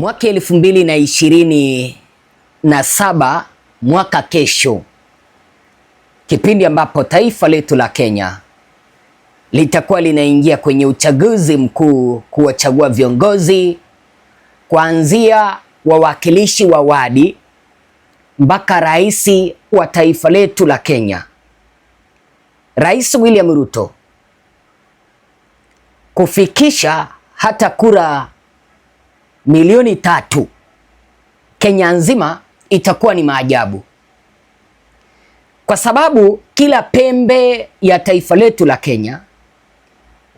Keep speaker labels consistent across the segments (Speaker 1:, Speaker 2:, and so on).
Speaker 1: mwaka elfu mbili na ishirini na saba mwaka kesho, kipindi ambapo taifa letu la Kenya litakuwa linaingia kwenye uchaguzi mkuu kuwachagua viongozi kuanzia wawakilishi wa wadi mpaka rais wa taifa letu la Kenya. Rais William Ruto kufikisha hata kura milioni tatu Kenya nzima itakuwa ni maajabu, kwa sababu kila pembe ya taifa letu la Kenya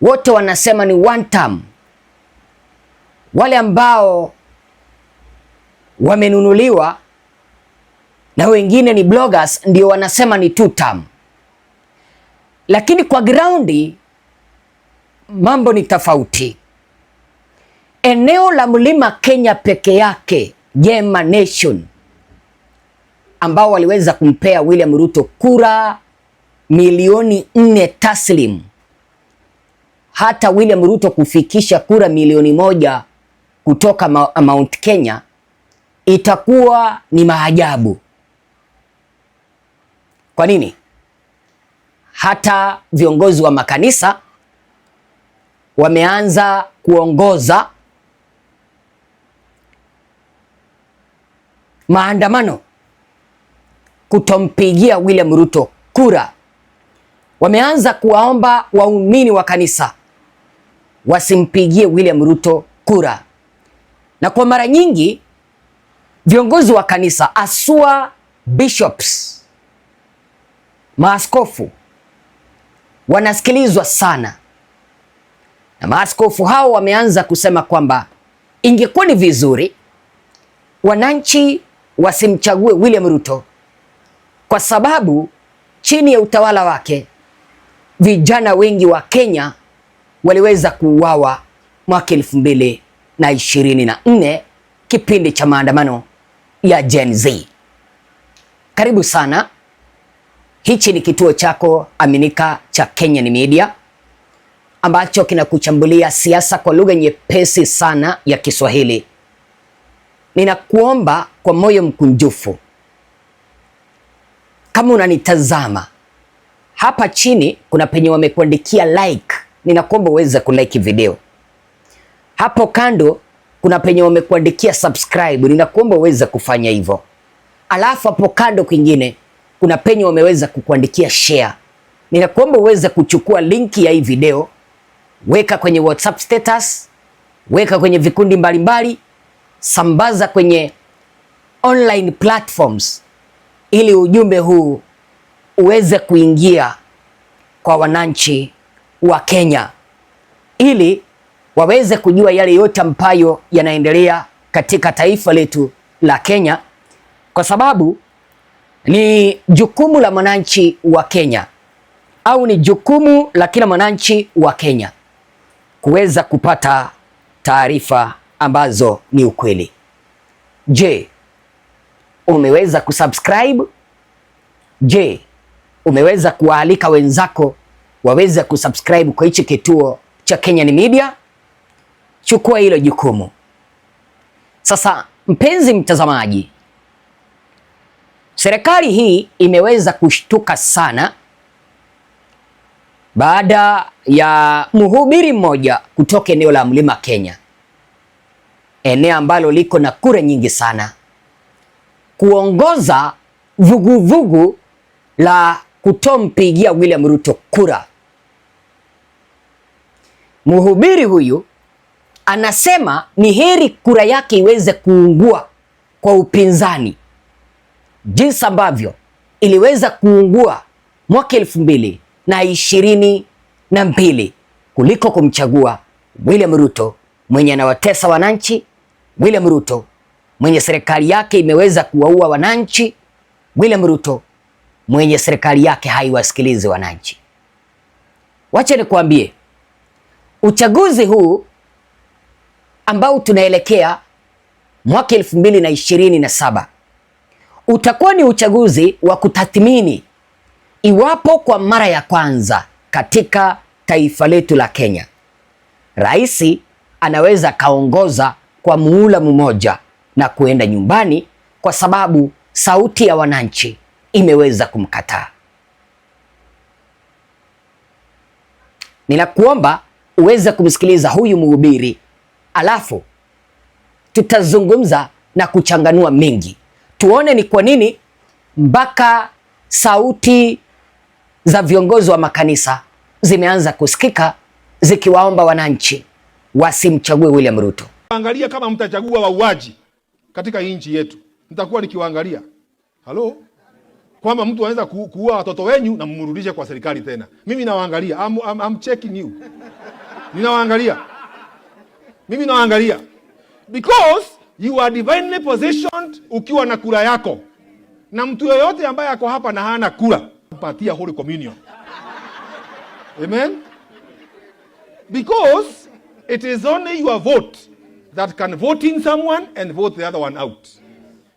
Speaker 1: wote wanasema ni one term. Wale ambao wamenunuliwa na wengine ni bloggers ndio wanasema ni two term, lakini kwa graundi mambo ni tofauti eneo la mlima Kenya peke yake Jema Nation ambao waliweza kumpea William Ruto kura milioni nne taslim, hata William Ruto kufikisha kura milioni moja kutoka Mount Kenya itakuwa ni maajabu. Kwa nini? Hata viongozi wa makanisa wameanza kuongoza maandamano kutompigia William Ruto kura. Wameanza kuwaomba waumini wa kanisa wasimpigie William Ruto kura, na kwa mara nyingi viongozi wa kanisa asua bishops, maaskofu wanasikilizwa sana, na maaskofu hao wameanza kusema kwamba ingekuwa ni vizuri wananchi wasimchague William Ruto kwa sababu chini ya utawala wake vijana wengi wa Kenya waliweza kuuawa mwaka elfu mbili na ishirini na nne kipindi cha maandamano ya Gen Z. Karibu sana, hichi ni kituo chako aminika cha Kenyan Media ambacho kinakuchambulia siasa kwa lugha nyepesi sana ya Kiswahili ninakuomba kwa moyo mkunjufu, kama unanitazama hapa chini, kuna penye wamekuandikia like, ninakuomba uweze kulike video. Hapo kando kuna penye wamekuandikia subscribe, ninakuomba uweze kufanya hivyo. Alafu hapo kando kwingine kuna penye wameweza kukuandikia share, ninakuomba uweze kuchukua linki ya hii video, weka kwenye WhatsApp status, weka kwenye vikundi mbalimbali mbali, sambaza kwenye online platforms ili ujumbe huu uweze kuingia kwa wananchi wa Kenya ili waweze kujua yale yote ambayo yanaendelea katika taifa letu la Kenya, kwa sababu ni jukumu la mwananchi wa Kenya au ni jukumu la kila mwananchi wa Kenya kuweza kupata taarifa ambazo ni ukweli. Je, umeweza kusubscribe? Je, umeweza kuwaalika wenzako waweze kusubscribe kwa hichi kituo cha Kenyan Media? Chukua hilo jukumu. Sasa mpenzi mtazamaji, serikali hii imeweza kushtuka sana baada ya mhubiri mmoja kutoka eneo la Mlima Kenya eneo ambalo liko na kura nyingi sana, kuongoza vuguvugu vugu la kutompigia William Ruto kura. Mhubiri huyu anasema ni heri kura yake iweze kuungua kwa upinzani, jinsi ambavyo iliweza kuungua mwaka elfu mbili na ishirini na mbili kuliko kumchagua William Ruto mwenye anawatesa wananchi William Ruto mwenye serikali yake imeweza kuwaua wananchi. William Ruto mwenye serikali yake haiwasikilizi wananchi. Wacha nikuambie, uchaguzi huu ambao tunaelekea mwaka elfu mbili na ishirini na saba utakuwa ni uchaguzi wa kutathmini iwapo kwa mara ya kwanza katika taifa letu la Kenya rais anaweza kaongoza kwa muula mmoja na kuenda nyumbani kwa sababu sauti ya wananchi imeweza kumkataa. Ninakuomba uweze kumsikiliza huyu mhubiri, alafu tutazungumza na kuchanganua mengi, tuone ni kwa nini mpaka sauti za viongozi wa makanisa zimeanza kusikika zikiwaomba wananchi wasimchague William Ruto.
Speaker 2: Angalia kama mtachagua wauaji katika nchi yetu, nitakuwa nikiwaangalia. Halo, kwamba mtu anaweza kuua watoto wenyu na mmrudishe kwa serikali tena. Mimi nawaangalia, I'm, I'm, I'm checking you, ninawaangalia mimi nawaangalia because you are divinely positioned. Ukiwa na kura yako, na mtu yoyote ambaye ako hapa na hana kura, mpatia holy communion. Amen, because it is only your vote that can vote in someone and vote the other one out.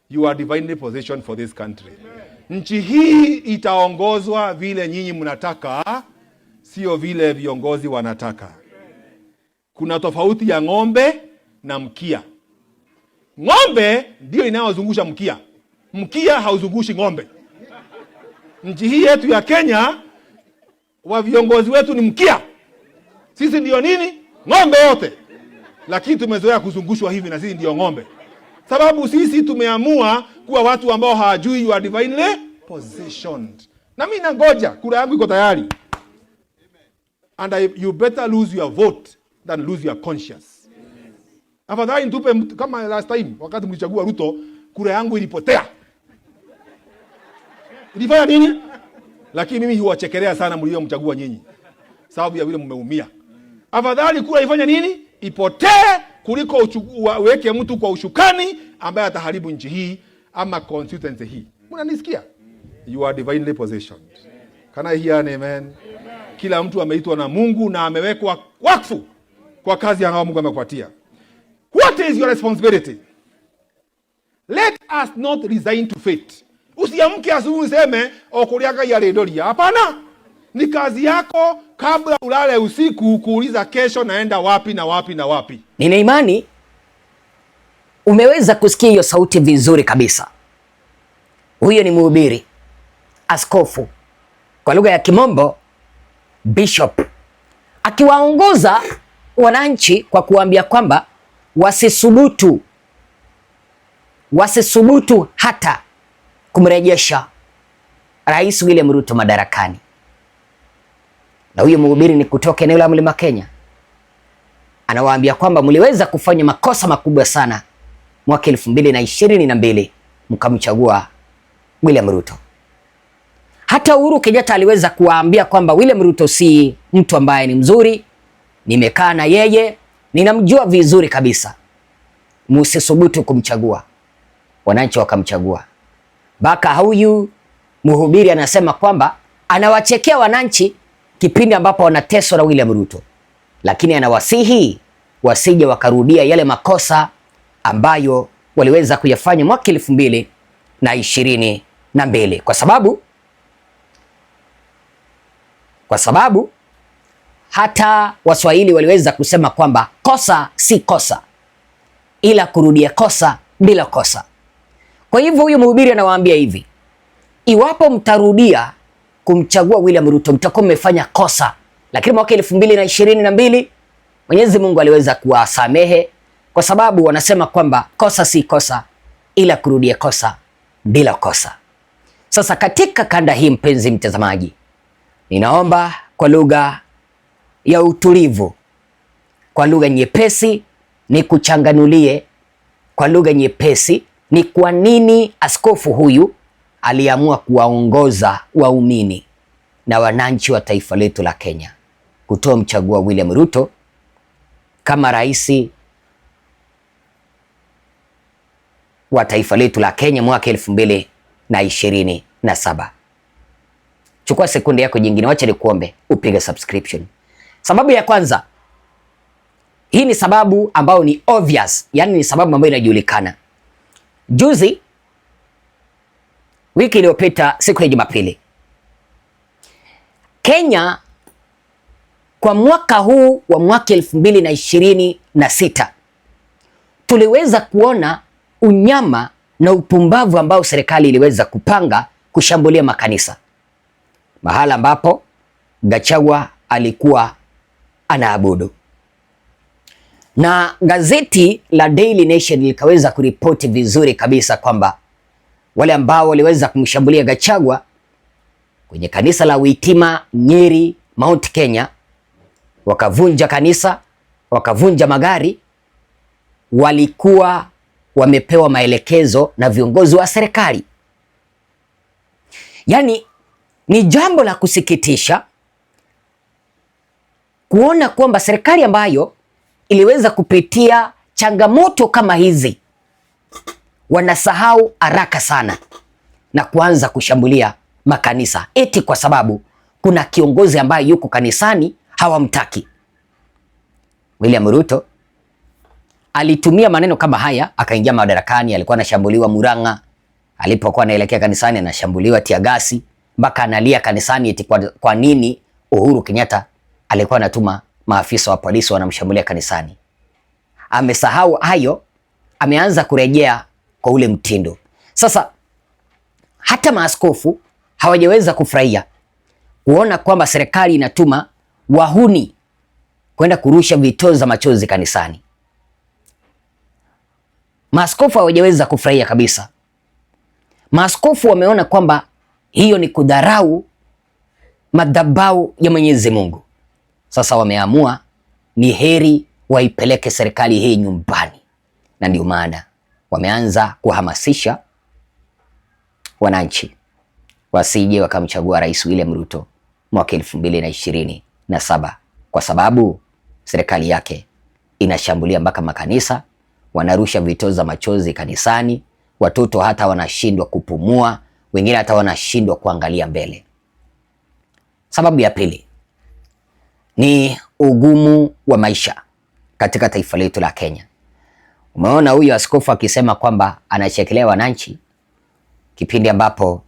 Speaker 2: You are divinely positioned for this country. Nchi hii itaongozwa vile nyinyi mnataka, sio vile viongozi wanataka. Kuna tofauti ya ng'ombe na mkia. Ng'ombe ndio inayozungusha mkia, mkia hauzungushi ng'ombe. Nchi hii yetu ya Kenya, wa viongozi wetu ni mkia, sisi ndiyo nini? Ng'ombe wote lakini tumezoea kuzungushwa hivi na sisi ndio ng'ombe, sababu sisi tumeamua kuwa watu ambao hawajui you are divinely positioned. Na mimi nangoja kura yangu iko tayari, and I, you better lose your vote than lose your conscience. Afadhali nitupe kama last time, wakati mlichagua Ruto, kura yangu ilipotea. Ilifanya nini? Lakini mimi huwachekelea sana mliomchagua nyinyi, sababu ya vile mmeumia. Afadhali kura ifanya nini? ipotee kuliko waweke mtu kwa ushukani ambaye ataharibu nchi hii ama constituency hii. Mnanisikia? You are divinely positioned. Can I hear an amen? Amen. Kila mtu ameitwa na Mungu na amewekwa wakfu kwa kazi ambayo Mungu amekupatia. What is your responsibility? Let us not resign to fate. Usiamke asubuhi useme okuliaga oh, yaledoria. Hapana. Ni kazi yako kabla ulale usiku kuuliza kesho naenda wapi na wapi na wapi.
Speaker 1: Nina imani umeweza kusikia hiyo sauti vizuri kabisa. Huyo ni mhubiri, askofu, kwa lugha ya Kimombo bishop, akiwaongoza wananchi kwa kuwaambia kwamba wasisubutu, wasisubutu hata kumrejesha Rais William Ruto madarakani na huyo mhubiri ni kutoka eneo la Mlima Kenya, anawaambia kwamba mliweza kufanya makosa makubwa sana mwaka elfu mbili na ishirini na mbili mkamchagua William Ruto. Hata Uhuru Kenyatta aliweza kuwaambia kwamba William Ruto si mtu ambaye ni mzuri, nimekaa na yeye, ninamjua vizuri kabisa, msisubutu kumchagua. Wananchi wakamchagua. Mpaka huyu mhubiri anasema kwamba anawachekea wananchi kipindi ambapo wanateswa na William Ruto, lakini anawasihi wasije wakarudia yale makosa ambayo waliweza kuyafanya mwaka elfu mbili na ishirini na mbili kwa sababu kwa sababu hata Waswahili waliweza kusema kwamba kosa si kosa ila kurudia kosa bila kosa. Kwa hivyo huyu mhubiri anawaambia hivi, iwapo mtarudia kumchagua William Ruto, mtakuwa mmefanya kosa. Lakini mwaka elfu mbili na ishirini na mbili Mwenyezi Mungu aliweza kuwasamehe kwa sababu wanasema kwamba kosa si kosa ila kurudia kosa bila kosa. Sasa katika kanda hii, mpenzi mtazamaji, ninaomba kwa lugha ya utulivu, kwa lugha nyepesi, ni kuchanganulie kwa lugha nyepesi ni kwa nini askofu huyu aliamua kuwaongoza waumini na wananchi wa taifa letu la Kenya kutoa mchagua William Ruto kama rais wa taifa letu la Kenya mwaka elfu mbili na ishirini na saba. Chukua sekunde yako jingine, wacha nikuombe upige subscription. Sababu ya kwanza, hii ni sababu ambayo ni obvious, yani ni sababu ambayo inajulikana. Juzi wiki iliyopita siku ya Jumapili. Kenya kwa mwaka huu wa mwaka elfu mbili na ishirini na sita tuliweza kuona unyama na upumbavu ambao serikali iliweza kupanga kushambulia makanisa, mahala ambapo Gachagua alikuwa anaabudu. Na gazeti la Daily Nation likaweza kuripoti vizuri kabisa kwamba wale ambao waliweza kumshambulia Gachagua kwenye kanisa la Witima Nyeri, Mount Kenya, wakavunja kanisa, wakavunja magari, walikuwa wamepewa maelekezo na viongozi wa serikali. Yaani ni jambo la kusikitisha kuona kwamba serikali ambayo iliweza kupitia changamoto kama hizi wanasahau haraka sana na kuanza kushambulia makanisa eti kwa sababu kuna kiongozi ambaye yuko kanisani hawamtaki. William Ruto alitumia maneno kama haya akaingia madarakani. Alikuwa anashambuliwa Murang'a, alipokuwa anaelekea kanisani anashambuliwa tiagasi, mpaka analia kanisani eti kwa, kwa nini Uhuru Kenyatta alikuwa anatuma maafisa wa polisi wanamshambulia kanisani. Amesahau hayo, ameanza kurejea kwa ule mtindo. Sasa hata maaskofu hawajaweza kufurahia kuona kwamba serikali inatuma wahuni kwenda kurusha vitoza machozi kanisani. Maaskofu hawajaweza kufurahia kabisa. Maaskofu wameona kwamba hiyo ni kudharau madhabahu ya Mwenyezi Mungu. Sasa wameamua ni heri waipeleke serikali hii nyumbani, na ndio maana wameanza kuhamasisha wananchi wasije wakamchagua Rais William Ruto mwaka elfu mbili na ishirini na saba kwa sababu serikali yake inashambulia mpaka makanisa, wanarusha za machozi kanisani, watoto hata wanashindwa kupumua, wengine hata wanashindwa kuangalia mbele. Sababu ya pili ni ugumu wa maisha katika taifa letu la Kenya. Umeona huyu askofu akisema kwamba anachekelea wananchi kipindi ambapo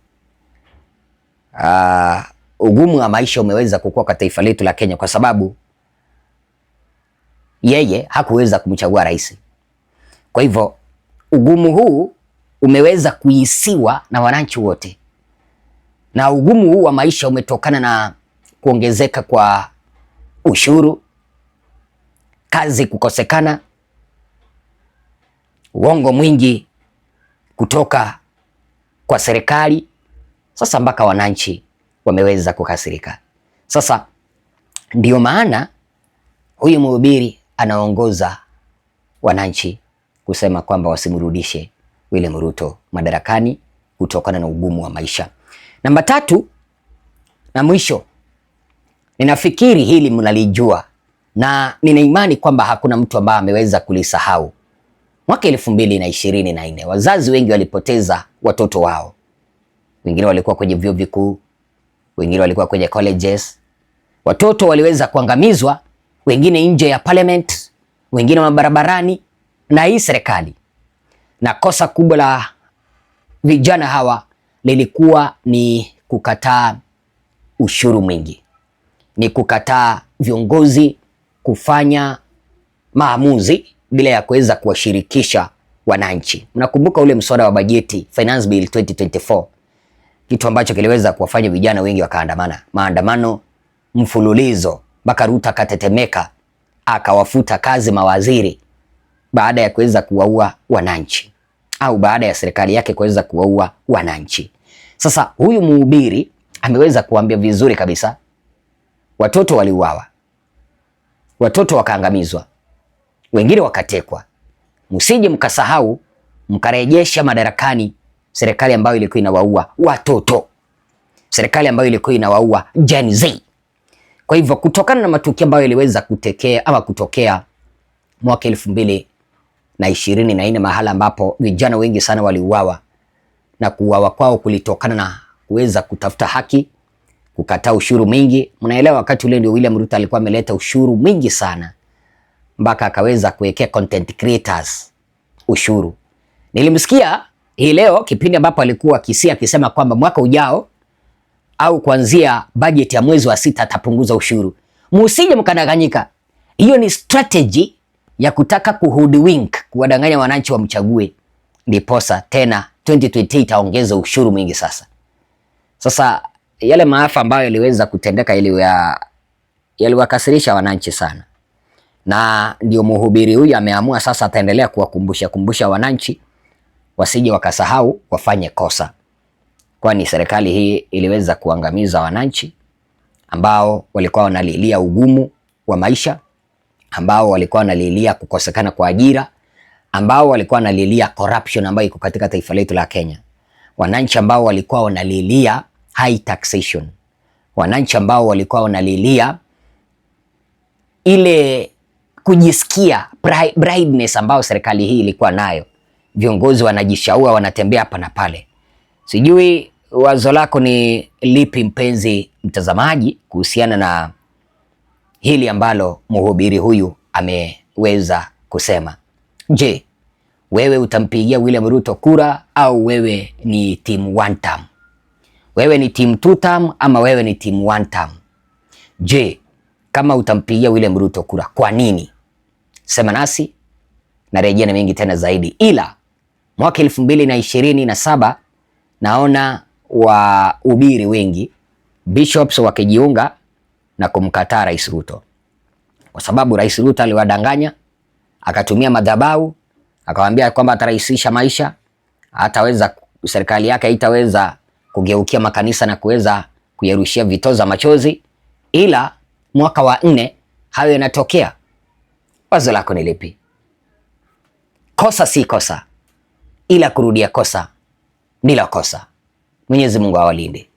Speaker 1: uh, ugumu wa maisha umeweza kukua kwa taifa letu la Kenya kwa sababu yeye hakuweza kumchagua rais. Kwa hivyo ugumu huu umeweza kuhisiwa na wananchi wote, na ugumu huu wa maisha umetokana na kuongezeka kwa ushuru, kazi kukosekana, uongo mwingi kutoka kwa serikali, sasa mpaka wananchi wameweza kukasirika. Sasa ndio maana huyu mhubiri anaongoza wananchi kusema kwamba wasimrudishe William Ruto madarakani kutokana na ugumu wa maisha. Namba tatu na mwisho, ninafikiri hili mnalijua na nina imani kwamba hakuna mtu ambaye ameweza kulisahau. Mwaka elfu mbili na ishirini na nne wazazi wengi walipoteza watoto wao. Wengine walikuwa kwenye vyuo vikuu, wengine walikuwa kwenye colleges. Watoto waliweza kuangamizwa, wengine nje ya parliament, wengine mabarabarani na hii serikali. Na kosa kubwa la vijana hawa lilikuwa ni kukataa ushuru mwingi, ni kukataa viongozi kufanya maamuzi bila ya kuweza kuwashirikisha wananchi. Mnakumbuka ule mswada wa bajeti Finance Bill 2024 kitu ambacho kiliweza kuwafanya vijana wengi wakaandamana, maandamano mfululizo mpaka Ruto akatetemeka, akawafuta kazi mawaziri baada ya kuweza kuwaua wananchi au baada ya serikali yake kuweza kuwaua wananchi. Sasa huyu mhubiri ameweza kuambia vizuri kabisa, watoto waliuawa, watoto wakaangamizwa, wengine wakatekwa. Msije mkasahau mkarejesha madarakani serikali ambayo ilikuwa inawaua watoto, serikali ambayo ilikuwa inawaua Gen Z. Kwa hivyo kutokana na matukio ambayo iliweza kutekea ama kutokea mwaka elfu mbili na ishirini na nne mahala ambapo vijana wengi sana waliuawa na kuuawa kwao kulitokana na kuweza kutafuta haki, kukataa ushuru mwingi. Mnaelewa wakati ule ndio William Ruto alikuwa ameleta ushuru mwingi sana mpaka akaweza kuwekea content creators ushuru. Nilimsikia hii leo kipindi ambapo alikuwa kisia akisema kwamba mwaka ujao au kuanzia bajeti ya mwezi wa sita atapunguza ushuru. Musije mkadanganyika, hiyo ni strategy ya kutaka kuhoodwink, kuwadanganya wananchi wamchague, ndiposa tena 2028 itaongeza ushuru mwingi. Sasa sasa yale maafa ambayo yaliweza kutendeka yaliwakasirisha wananchi sana na ndio mhubiri huyu ameamua sasa, ataendelea kuwakumbusha kumbusha wananchi wasije wakasahau wafanye kosa, kwani serikali hii iliweza kuangamiza wananchi ambao walikuwa wanalilia ugumu wa maisha, ambao walikuwa wanalilia kukosekana kwa ajira, ambao walikuwa wanalilia corruption ambayo iko katika taifa letu la Kenya, wananchi ambao walikuwa wanalilia high taxation, wananchi ambao walikuwa wanalilia ile kujisikia brightness ambayo serikali hii ilikuwa nayo. Viongozi wanajishaua, wanatembea hapa na pale. Sijui wazo lako ni lipi, mpenzi mtazamaji, kuhusiana na hili ambalo mhubiri huyu ameweza kusema. Je, wewe utampigia William Ruto kura au wewe ni team one term? Wewe ni team two term ama wewe ni team one term? Je, kama utampigia William Ruto kura, kwa nini? sema nasi na rejea na mengi tena zaidi, ila mwaka elfu mbili na ishirini na saba naona wahubiri wengi bishops wakijiunga na kumkataa Rais Ruto kwa sababu Rais Ruto aliwadanganya, akatumia madhabau akawaambia kwamba atarahisisha maisha, hataweza serikali yake haitaweza kugeukia makanisa na kuweza kuyarushia vitoza machozi, ila mwaka wa nne hayo yanatokea. Wazo lako ni lipi? Kosa si kosa, ila kurudia kosa ndilo kosa. Mwenyezi Mungu awalinde.